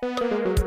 Música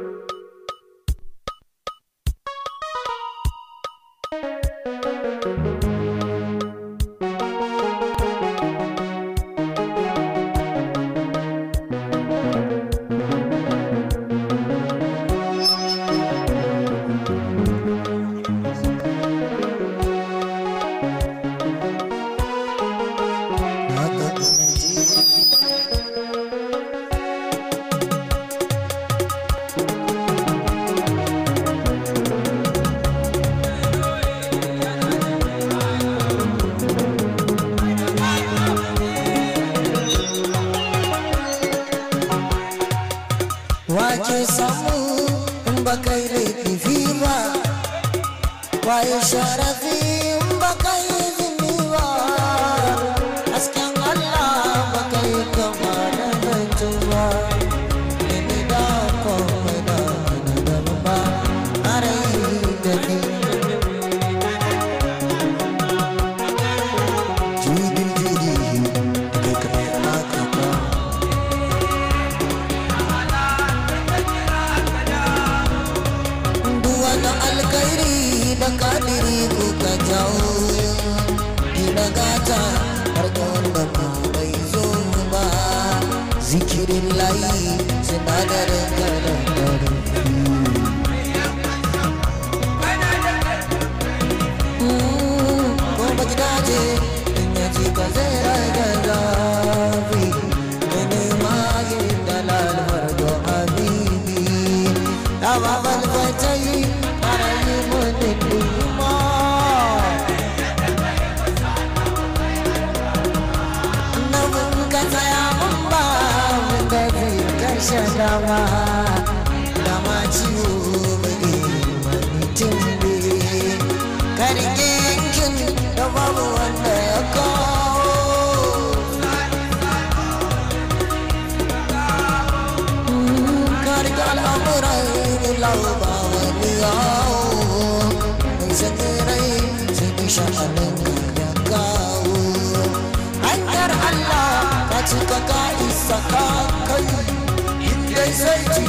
sarkin da babu wanda ya kawo karki al'amuran lauba wani yawo mai zakirai sun yi da kawo hanyar allah ta cika ka isa ka kai inda zai ci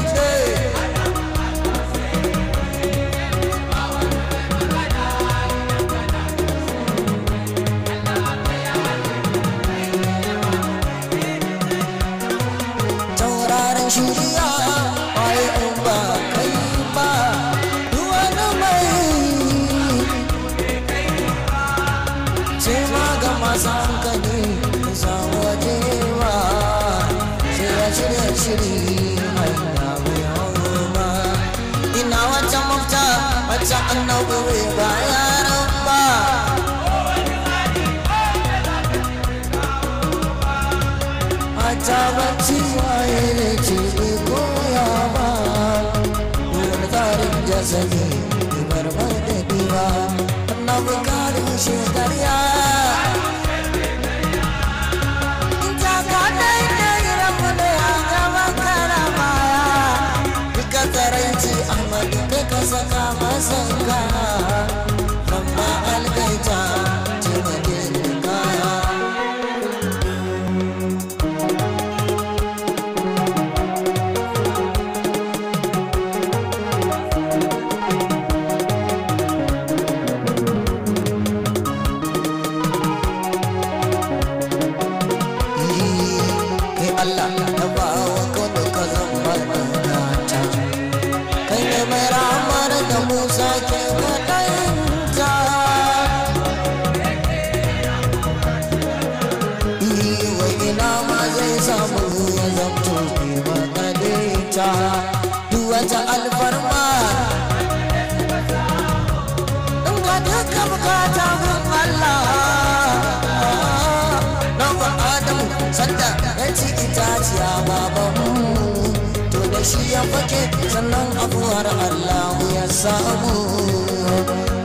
shi ya fake sannan abuwar Allah ya samu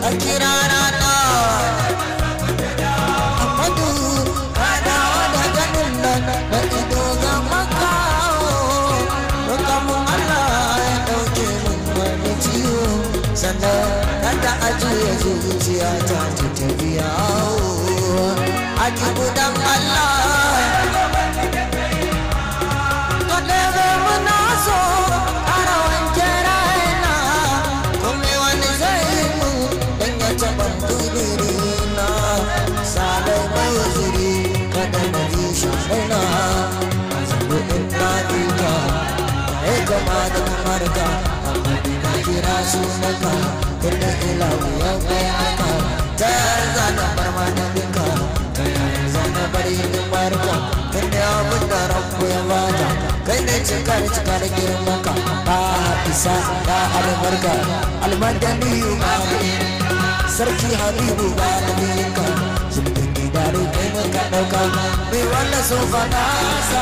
a kira rana a fadu kadawa da ganin da ido ga makawo rukamun Allah ya dauke min wani ciwo sannan kada a juya zuciya ta ta tafiya a kibudan Allah gama da kumarka amma na kira sunanka kullum ya kai aka ta za zana bar malaminka ta za zana bar yin barka kai ne abin da rabu ya bata kai ne cikar cikar girmanka ba isa ba albarka almadani ba sarki habibu ba malaminka zumbin gidare kai maka dauka mai wannan sun faɗa sa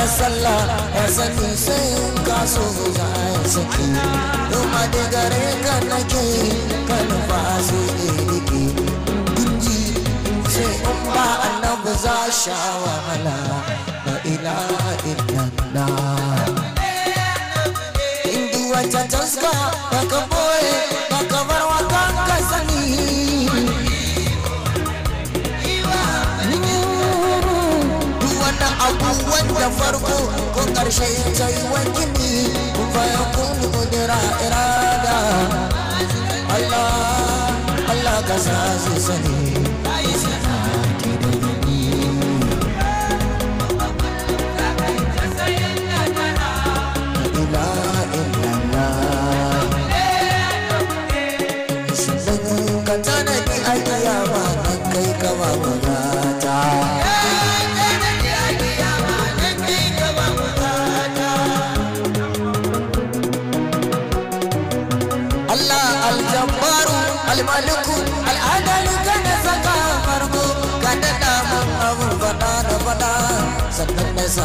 da sallah ba sani sai ka so za a yi saki kuma da gare ka nake ka nufa so ne nake inji sai in ba annabi za sha wahala ba ila illallah in duwata taska ba ka farko ko ƙarshe yi gini kuma ya kuni kudura irada Allah Allah ka sa su sani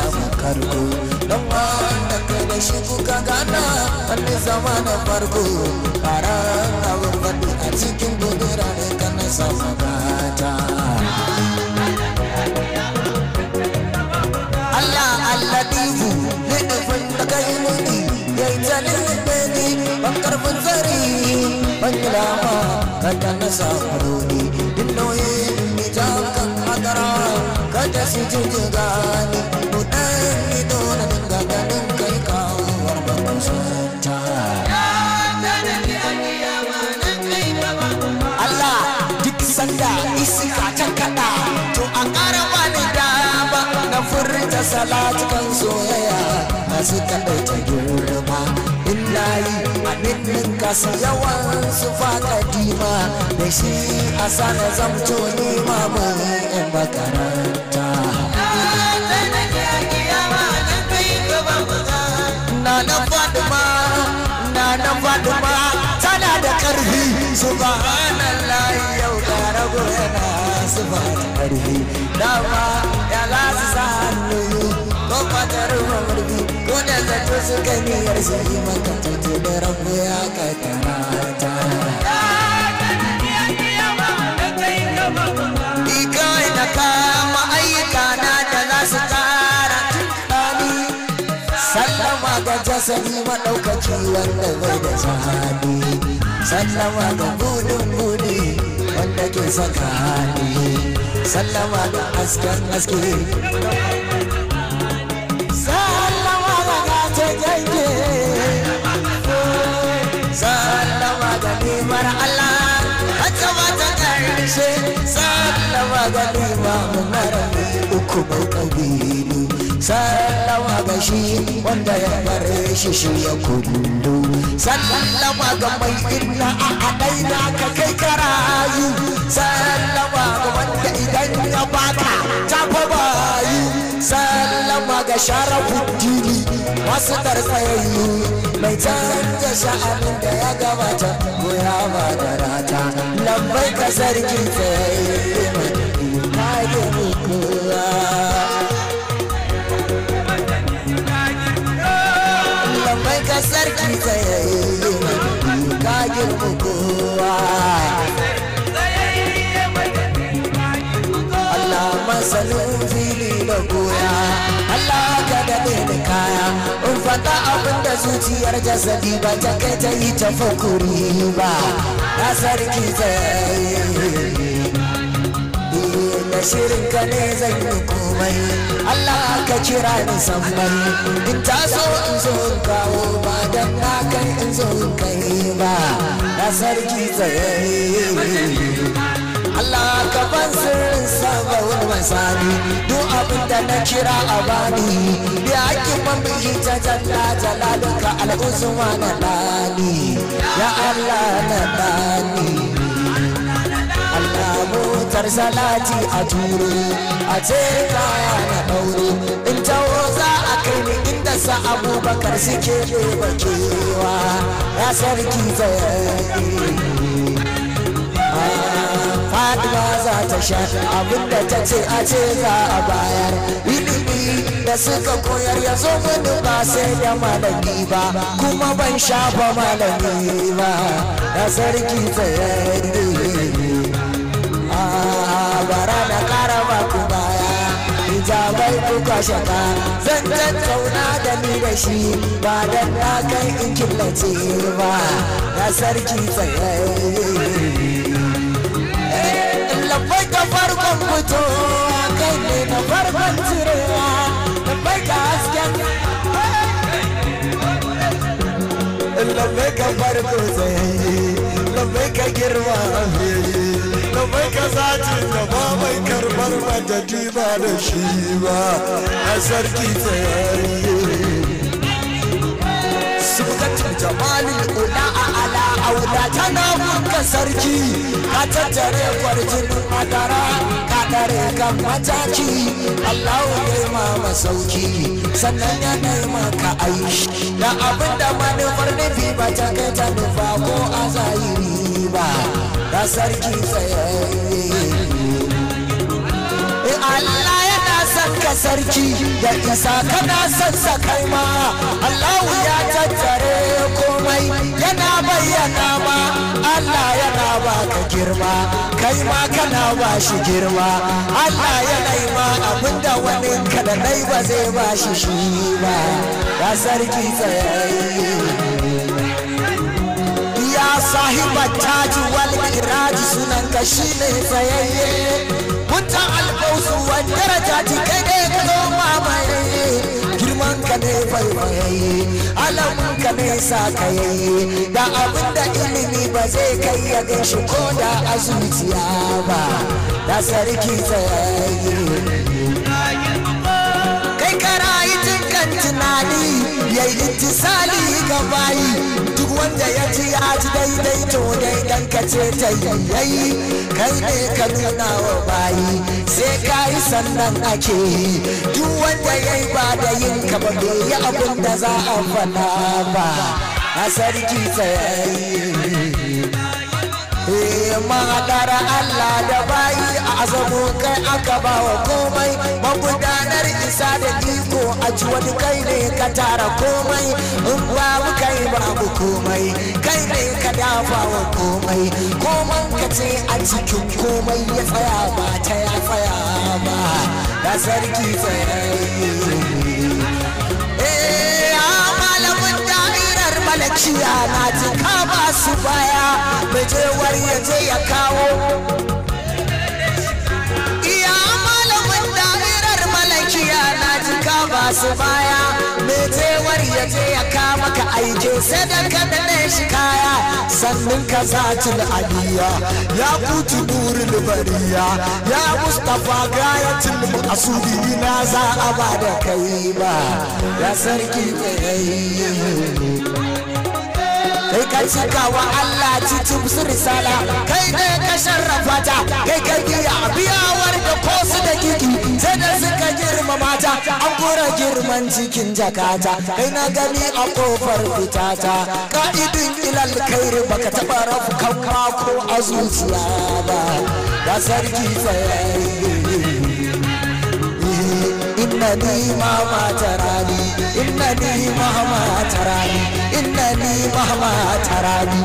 samu karko don wanda kai da shi kuka gana wani zama na farko fara abin faɗi a cikin gudura ne na samu gata Allah Allah dibu ne ɗufin da kai muni ya yi tsanin da ni ban karfin tsari ban ma ka na samu doni duk nauyin ni jan kan magara su jirgin gani salatukan soyayya masu kaɗaita girma in layi a ninnin kasa yawan su faɗa dima da shi a sana zamto ni mamun yan makaranta na na faduma na na faduma tana da ƙarfi subhanallah shago yana zuba karfi dama ya lasu sa hannu ko fatar mamurbi ko da zato su gani yarsa yi maka tutu da rabu ya kai tarata Ni kawai da kama ayyuka na da za su kara tunani sallama ga jasadi maɗaukaki wanda bai da sahadi sallama ga gudun gudi wanda ke saka hali sallama da hasken haske sallama da gace gange sallama nemar Allah karshe sallama mara uku kabilu sallama ga shi wanda ya bare shi shi ya kudu sallama ga mai illa a haɗaina ka kai karayu sallama ga wanda idan ya baka ta fa bayu sallama ga sharafuddini masu tsayayyu mai canza sha'anin da ya gabata ko ya ba da rata lambai ka sarki tsayayyu mai sarki tsayayye ka girma kowa Allah masalin fili da goya Allah ka daɗe da kaya in faɗa abin da zuciyar jasadi ba ta kai ta yi ta fakuri ba na sarki tsayayye shirin ka ne zan yi komai Allah ka kira ni sammai in taso in zo in kawo ba dan na kai in zo in kai ba na sarki tsaye Allah ka ban sirrin saba wani masani duk abin da na kira a bani bi haƙƙin mambiji ta jalla jalalinka al'uzuma na dani ya Allah na dani kyautar salati a turo a ce kaya na ɗauro in ta za a kai ni inda sa abubakar suke bakewa ya sarki zai ah, faɗuwa za ta sha abinda ta ce a ce za a bayar ilimi da suka koyar ya zo mini ba sai da malami ba kuma ban shafa malami ba ya sarki tsayayye shaka zan tattauna da ni da shi ba da na kai in killace ba na sarki tsaye labai ka farkon fito kai ne na farkon cirewa labai ka hasken ka farko labai ka girma mai kaza ce da ba mai karbar madadi ba da shi ba a sarki tsayayye sukacin jamalin ula a ala aula tana gunka sarki ka tattare kwarjin madara ka tare kan mataki allahu ya ma masauki sannan ya nema ka aishi da abinda manufar nufi ba ta kai ta nufa ko a zahiri ba na sarki tsayayye eh, Allah yana son ka sarki da isa kana son sa kai ma Allahu ya tattare komai yana bayyana ma Allah yana ba ka girma kai ma kana ba shi girma Allah ya yi ma abinda wani ka da nai ba zai ba shi shi ba ya sarki tsayayye ya sahiba taji sunan ka shi ne fayayye mutan alƙausu wani daraja ti kai ne ka zo mamayayye girman ka ne faifayayye alamun ka ne sakayayye da abin da ilimi ba zai kai ya gaishe ko da azuciya ba da sarki tsayayye kai kara yi tunkan tunani ya yi intisali ga bayi duk wanda ya ci ya ci daidai to dai dan ka ce ta yayi kai ne ka nuna wa bayi sai ka yi sannan ake yi duk wanda ya yi ba da yin ka ba bai yi abin da za a faɗa ba a sarki ta yayi eh, mahaɗar Allah da bayi a azabun kai aka ba wa komai magudanar isa da iko a ji wani kai ne ka tara komai in babu kai babu komai kai ne ka dafa wa komai koman ka ce a cikin komai ya tsaya ba ta ya tsaya ba da sarki tsayayye eh, malakiya na jika ba su baya bajewar ya je ya kawo ba su baya mai tewar ya je ya kama ka aike sai da ka ne shi kaya sannin ka zaci da aliya ya kutu burin bariya ya mustafa cin gayatin asubi na za a ba da kai ba ya sarki ne kai cika Allah cikin su risala kai ne ka sharrafa ta kai ka biya biyawar da ko su da kiki sai da suka girmama ta an kura girman cikin jakata kai na gani a kofar fitata ka'idin ilal kairi baka taba rafu kan mako a zuciya ba da sarki tsayayi innani mama tarani innani mama tarani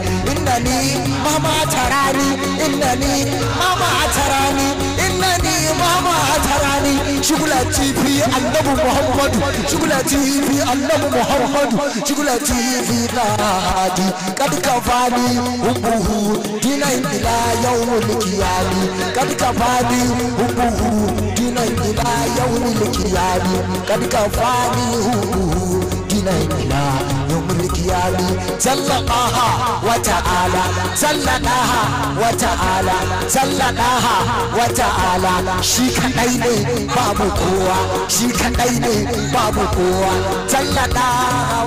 innani mama sunani imama tarani shugula tv annabi muhammadu shugula tv annabi muhammadu shugula tv nadi kad kafani hubbuhu dinan ila yawmul qiyami kad kafani hubbuhu dinan ila yawmul qiyami kad kafani hubbuhu dinan ila mikyali sallaqaha wa ta'ala sallaqaha wa ta'ala sallaqaha wa ta'ala shi kadai ne babu kowa shi kadai ne babu kowa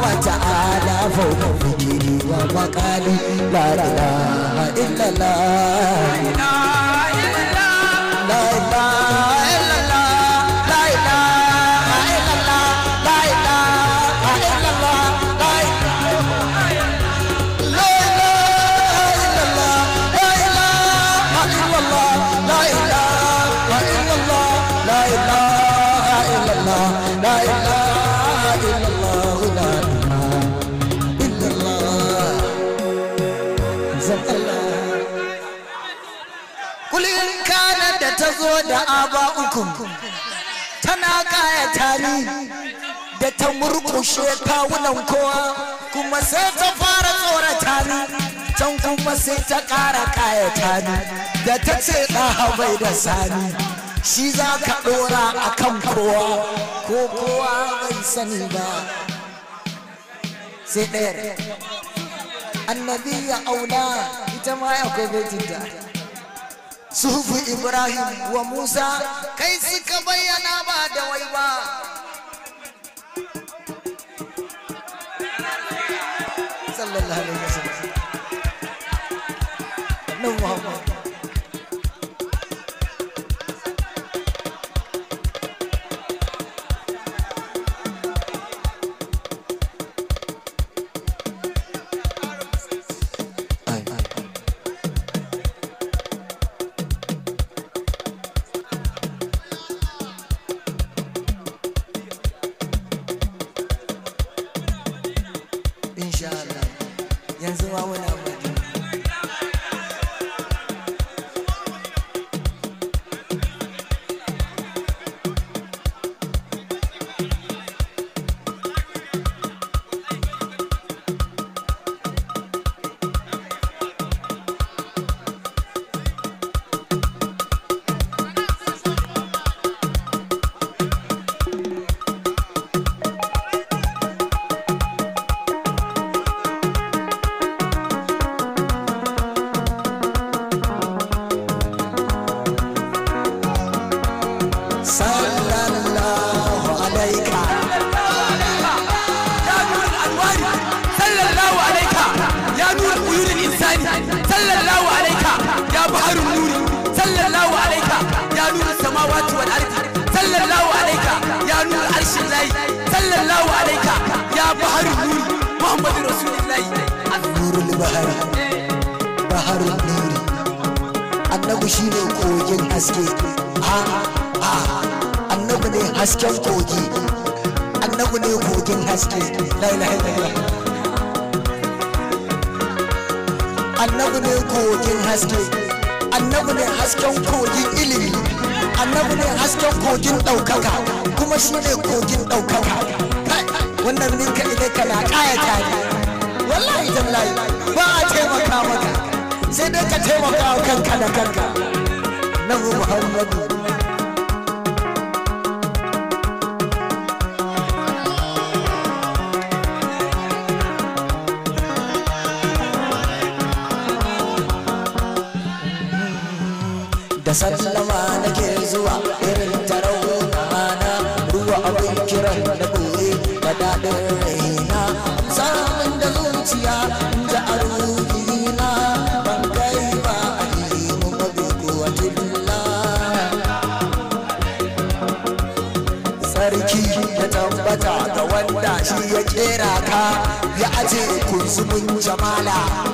wa ta'ala fawqa wa maqali la ilaha illallah da aba'ukum tana kaya tari da ta murkushe kawunan kowa kuma sai ta fara tsora ni can kuma sai ta ƙara kaya tari da ta ce ɗaha bai da sani shi za ka ɗora a kan kowa ko kowa bai sani ba sai ɗaya annabi ya auna ita ma akwai baitinta sufi ibrahim wa musa kai suka bayyana ba da wai ba sallallahu alaihi shine kogin haske ha ha annabi ne hasken kogi annabi ne kogin haske la annabi ne kogin haske annabi ne hasken kogin ilimi annabi ne hasken kogin ɗaukaka kuma shine kogin ɗaukaka wannan ninka idan kana ƙayata ne wallahi tallahi taimaka wa kanka da kanka nan muhammadu da sallama nake zuwa irin tarau mana ruwa abin kiran da gobe da daɗin rai ya aje kunzumin jamala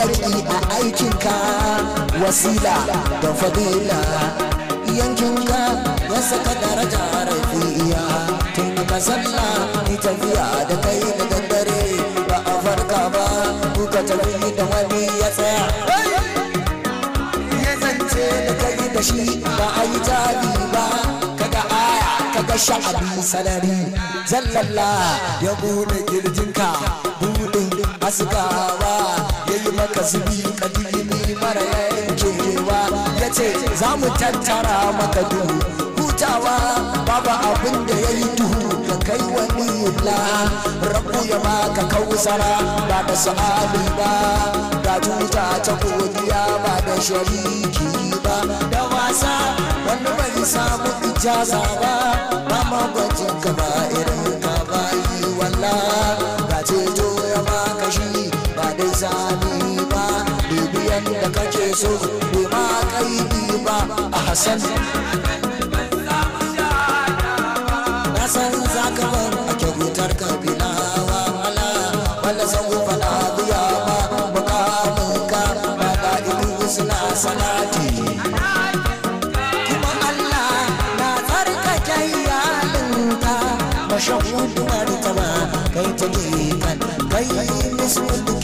talaki a aikinka wasila da fadila ka ya saka daraja rafiya tun aka salla ni tafiya da kai da daddare ba a farka ba kuka tafi da wani ya tsaya ya zance da kai da shi ba a yi jabi ba kaga aya kaga sha'abi sanari zallalla ya bude kirjinka budin ba. yayi maka zubi kadimi mara yankewa yace za mu tattara maka duhu hutawa babu abin da yayi duhu ka kai wani la rabu ya baka kausara ba da sa'ali ba ga tuta ta godiya ba da shariki ba da wasa wani bai samu ijaza ba ba ma gwajin ka ba irin ka bayi wallah so bai ma kaidi ba a hasan na san za ka bar a kyautar kabila wa mala wanda san ku faɗa biya ba mukamin ba da ilu suna salati kuma Allah na tsarkake iyalinka ta martaba kai ta kan kai mislu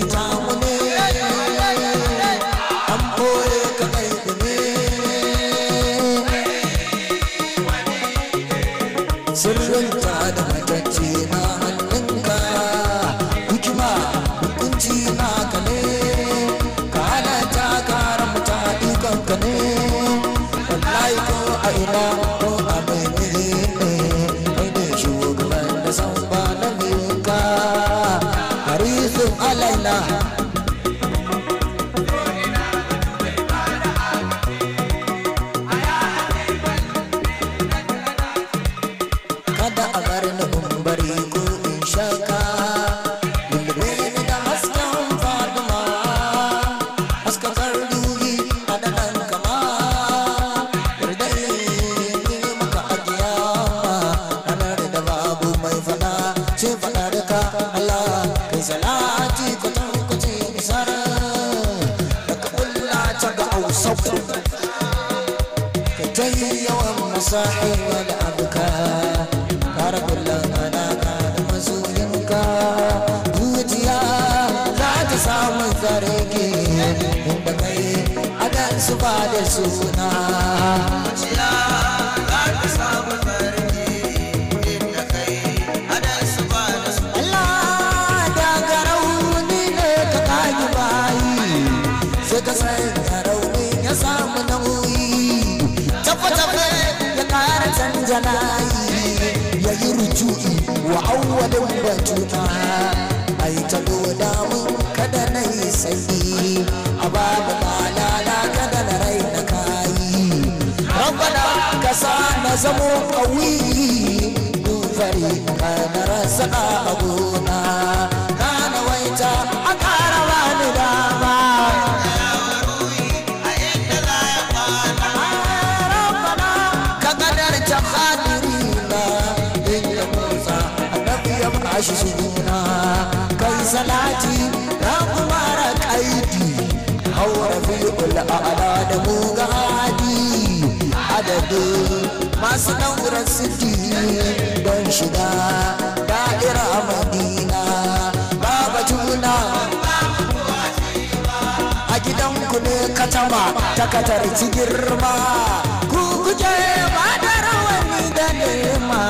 Bye. cuɗi wa awwadan ba cuɗi ai ta goda mun kada na yi sanyi a babu malala kada na rai na kayi rabbana ka sa na zamo kawi dufari ka na rasa a gona kana waita a suna kai salati na kuma kaidi haura fi'ul ala da mu hadi adadin masu ɗaurar siti don shiga da'ira madina baba juna a ku ne katama ta katarci girma ku guje ba da rawani da nema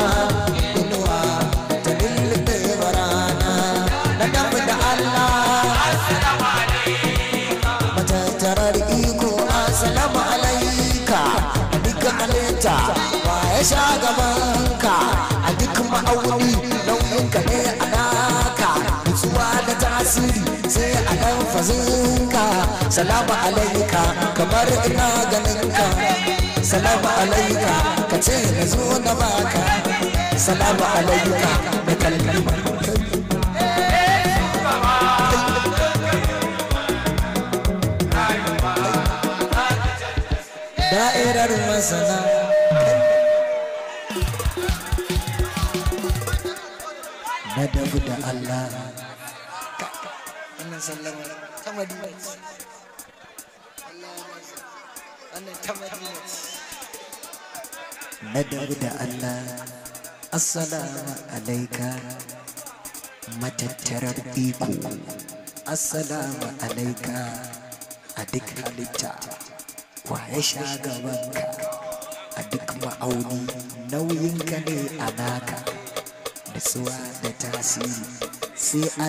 wa'azinka salamu alaika kamar ina ganinka salamu alaika ka ce na zo na baka salamu alaika da kalmar da'irar masana na dabu da Allah wannan sallama ta madina ce na dabu da Allah assalamu alaika matattarar iko assalamu alaika a duk halitta wa ya sha gabanka a duk ma'auni nauyinka ne a naka nutsuwa da tasiri sai a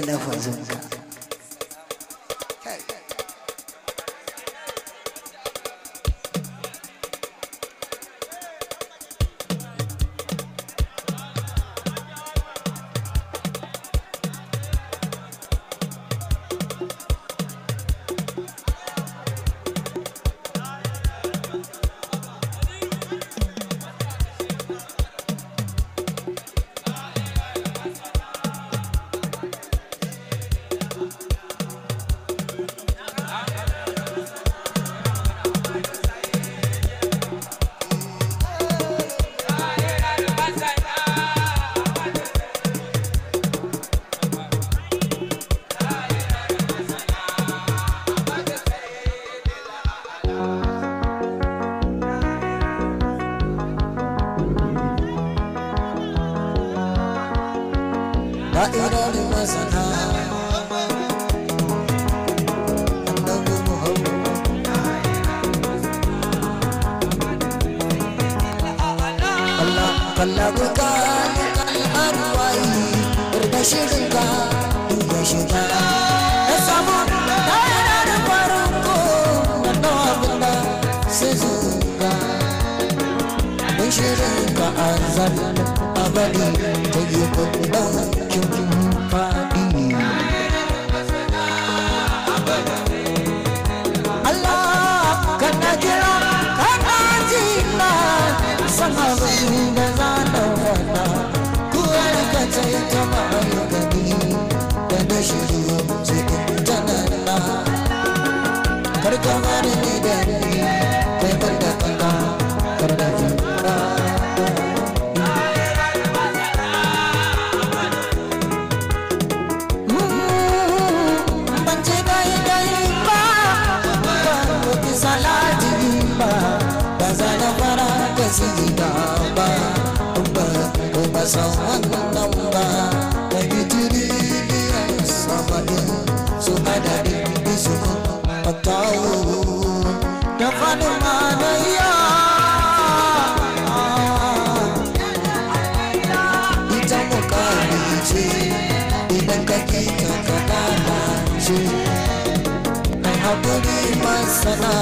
सना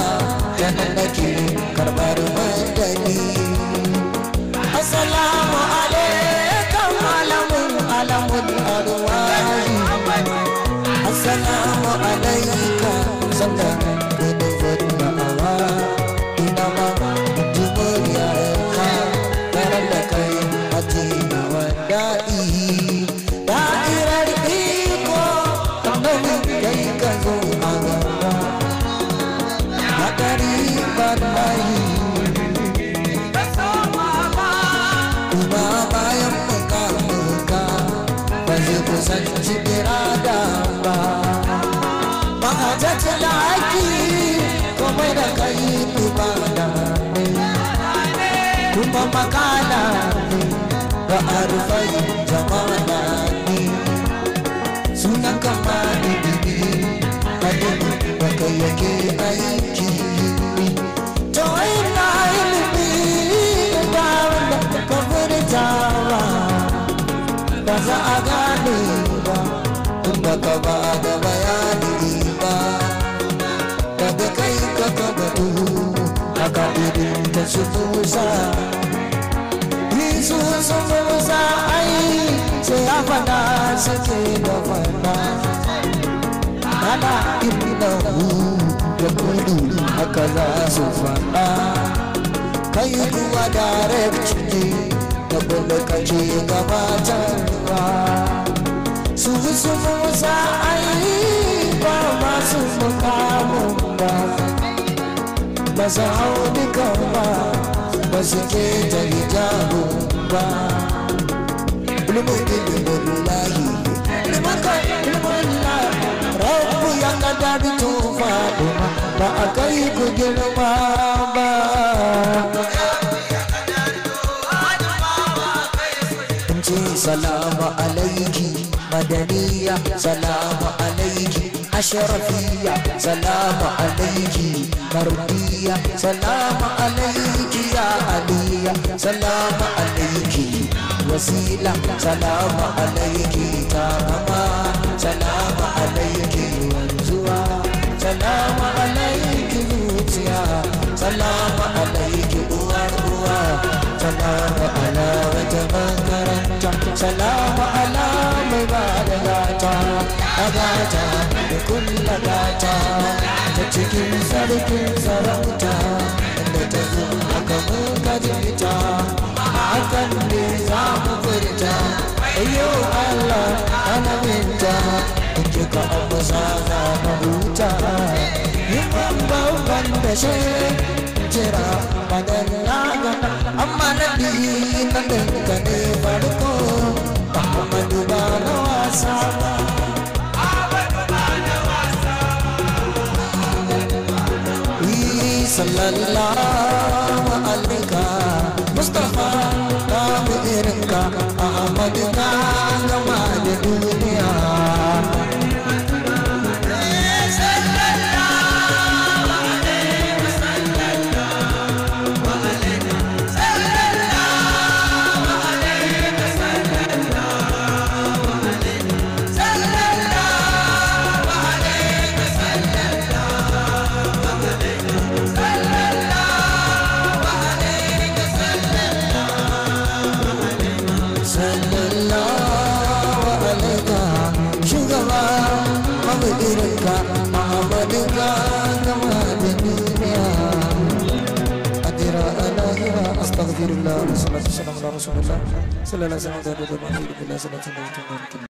कहने की su tusa su a fada suke da fada Ana inda da kudu haka za Kai kuma direct ne da kace gabatarwa Su su ba masu mukamun ba ba su hau ba ba su keta ba lumuɗin limullahi rabu ya kada bi tufa ba a kai ku girma ba salama alaiki madaniya salama alaiki ashrafiya salama alayki marbiya salama alayki ya aliya salama alayki wasila salama alayki karama salamu alayki wanzuwa salamu alayki zuciya salamu alayki uwar uwa salama ala wata makaranta salama ala mai ba da gata a gata kulla ta cikin sarkin sarauta da ta zo aka muka jita a hakan ne za mu furta yau Allah ana minta in ji ka abu za mu huta yin bambam da shi jira madalla ga amma na biyu na dangane farko la la sallallahu alaihi wasallam dan berbahagia bila salat salam